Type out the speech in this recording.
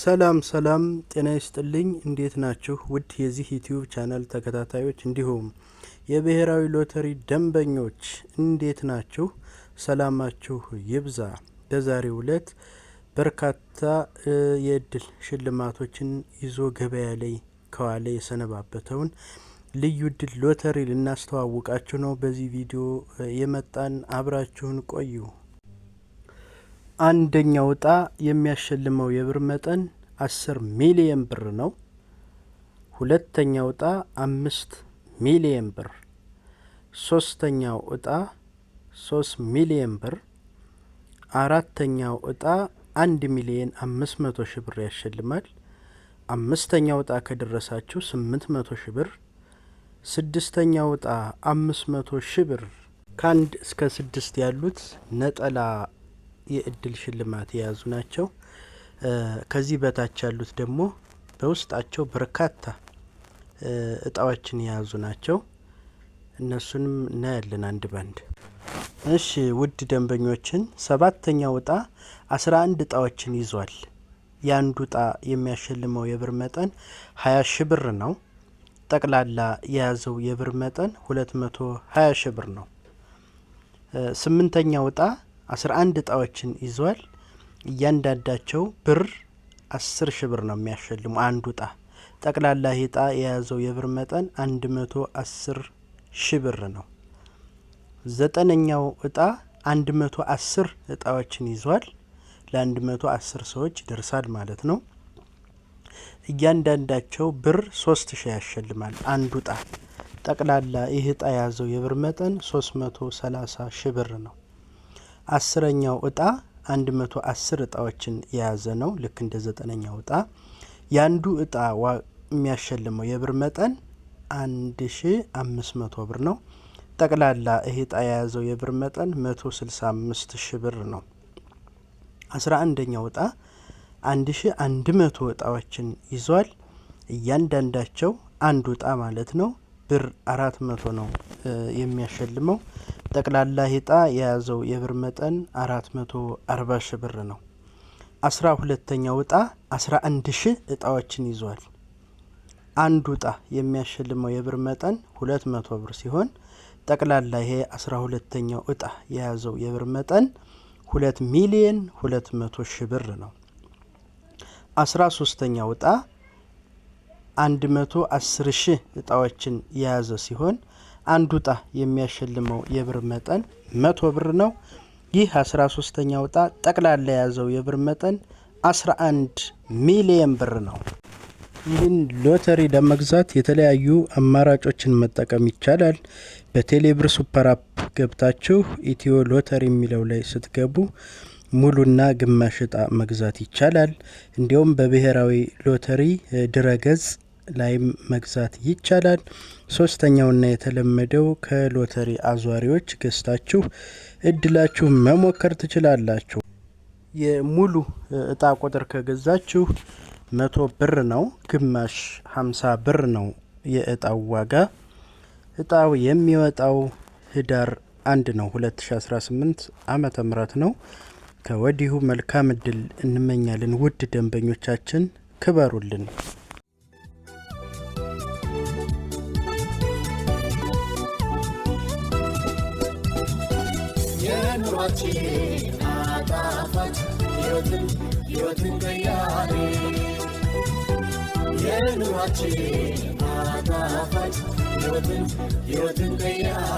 ሰላም ሰላም ጤና ይስጥልኝ እንዴት ናችሁ? ውድ የዚህ ዩቲዩብ ቻናል ተከታታዮች እንዲሁም የብሔራዊ ሎተሪ ደንበኞች እንዴት ናችሁ? ሰላማችሁ ይብዛ። በዛሬው ዕለት በርካታ የእድል ሽልማቶችን ይዞ ገበያ ላይ ከዋለ የሰነባበተውን ልዩ እድል ሎተሪ ልናስተዋውቃችሁ ነው። በዚህ ቪዲዮ የመጣን አብራችሁን ቆዩ። አንደኛው እጣ የሚያሸልመው የብር መጠን አስር ሚሊየን ብር ነው። ሁለተኛው እጣ አምስት ሚሊየን ብር፣ ሶስተኛው እጣ ሶስት ሚሊየን ብር፣ አራተኛው እጣ አንድ ሚሊየን አምስት መቶ ሺ ብር ያሸልማል። አምስተኛው እጣ ከደረሳችሁ ስምንት መቶ ሺ ብር። ስድስተኛው እጣ አምስት መቶ ሺ ብር። ከአንድ እስከ ስድስት ያሉት ነጠላ የእድል ሽልማት የያዙ ናቸው። ከዚህ በታች ያሉት ደግሞ በውስጣቸው በርካታ እጣዎችን የያዙ ናቸው። እነሱንም እናያለን አንድ በንድ። እሺ ውድ ደንበኞችን ሰባተኛው እጣ አስራ አንድ እጣዎችን ይዟል። የአንዱ እጣ የሚያሸልመው የብር መጠን ሀያ ሺ ብር ነው። ጠቅላላ የያዘው የብር መጠን ሁለት መቶ ሀያ ሺ ብር ነው። ስምንተኛው እጣ አስራ አንድ እጣዎችን ይዟል። እያንዳንዳቸው ብር አስር ሺ ብር ነው የሚያሸልሙ አንዱ እጣ። ጠቅላላ ይህ እጣ የያዘው የብር መጠን 110 አስር ሺ ብር ነው። ዘጠነኛው እጣ 110 አስር እጣዎችን ይዟል። ለ ለ110 አስር ሰዎች ይደርሳል ማለት ነው። እያንዳንዳቸው ብር 3 ሺ ያሸልማል አንዱ እጣ። ጠቅላላ ይህ እጣ የያዘው የብር መጠን 330 መቶ ሺ ብር ነው። አስረኛው እጣ 110 እጣዎችን የያዘ ነው። ልክ እንደ ዘጠነኛው እጣ የአንዱ እጣ የሚያሸልመው የብር መጠን 1500 ብር ነው። ጠቅላላ ይህ እጣ የያዘው የብር መጠን 165 ብር ነው። 11ኛው እጣ 1100 እጣዎችን ይዟል። እያንዳንዳቸው አንዱ እጣ ማለት ነው ብር 400 ነው የሚያሸልመው። ጠቅላላ ሂጣ የያዘው የብር መጠን 440 ሺ ብር ነው። አስራ ሁለተኛው እጣ 11 ሺ እጣዎችን ይዟል። አንዱ እጣ የሚያሸልመው የብር መጠን 200 ብር ሲሆን ጠቅላላ ይሄ 12ተኛው እጣ የያዘው የብር መጠን 2 ሚሊየን 200 ሺ ብር ነው። 13ተኛው እጣ 110 ሺ እጣዎችን የያዘ ሲሆን አንዱ ውጣ የሚያሸልመው የብር መጠን መቶ ብር ነው። ይህ 13ተኛው ጣ ጠቅላላ የያዘው የብር መጠን 11 ሚሊየን ብር ነው። ይህን ሎተሪ ለመግዛት የተለያዩ አማራጮችን መጠቀም ይቻላል። በቴሌብር ሱፐር አፕ ገብታችሁ ኢትዮ ሎተሪ የሚለው ላይ ስትገቡ ሙሉና ግማሽ እጣ መግዛት ይቻላል። እንዲሁም በብሔራዊ ሎተሪ ድረገጽ ላይም መግዛት ይቻላል። ሶስተኛውና የተለመደው ከሎተሪ አዟሪዎች ገዝታችሁ እድላችሁ መሞከር ትችላላችሁ። የሙሉ እጣ ቁጥር ከገዛችሁ መቶ ብር ነው። ግማሽ ሀምሳ ብር ነው የእጣው ዋጋ። እጣው የሚወጣው ህዳር አንድ ነው 2018 ዓመተ ምህረት ነው። ከወዲሁ መልካም እድል እንመኛለን። ውድ ደንበኞቻችን ክበሩልን። ኑሯችን አጣፋጭ ሕይወትን ሕይወትን ቀያሪ የኑሯችን አጣፋጭ ሕይወትን ሕይወትን ቀያሪ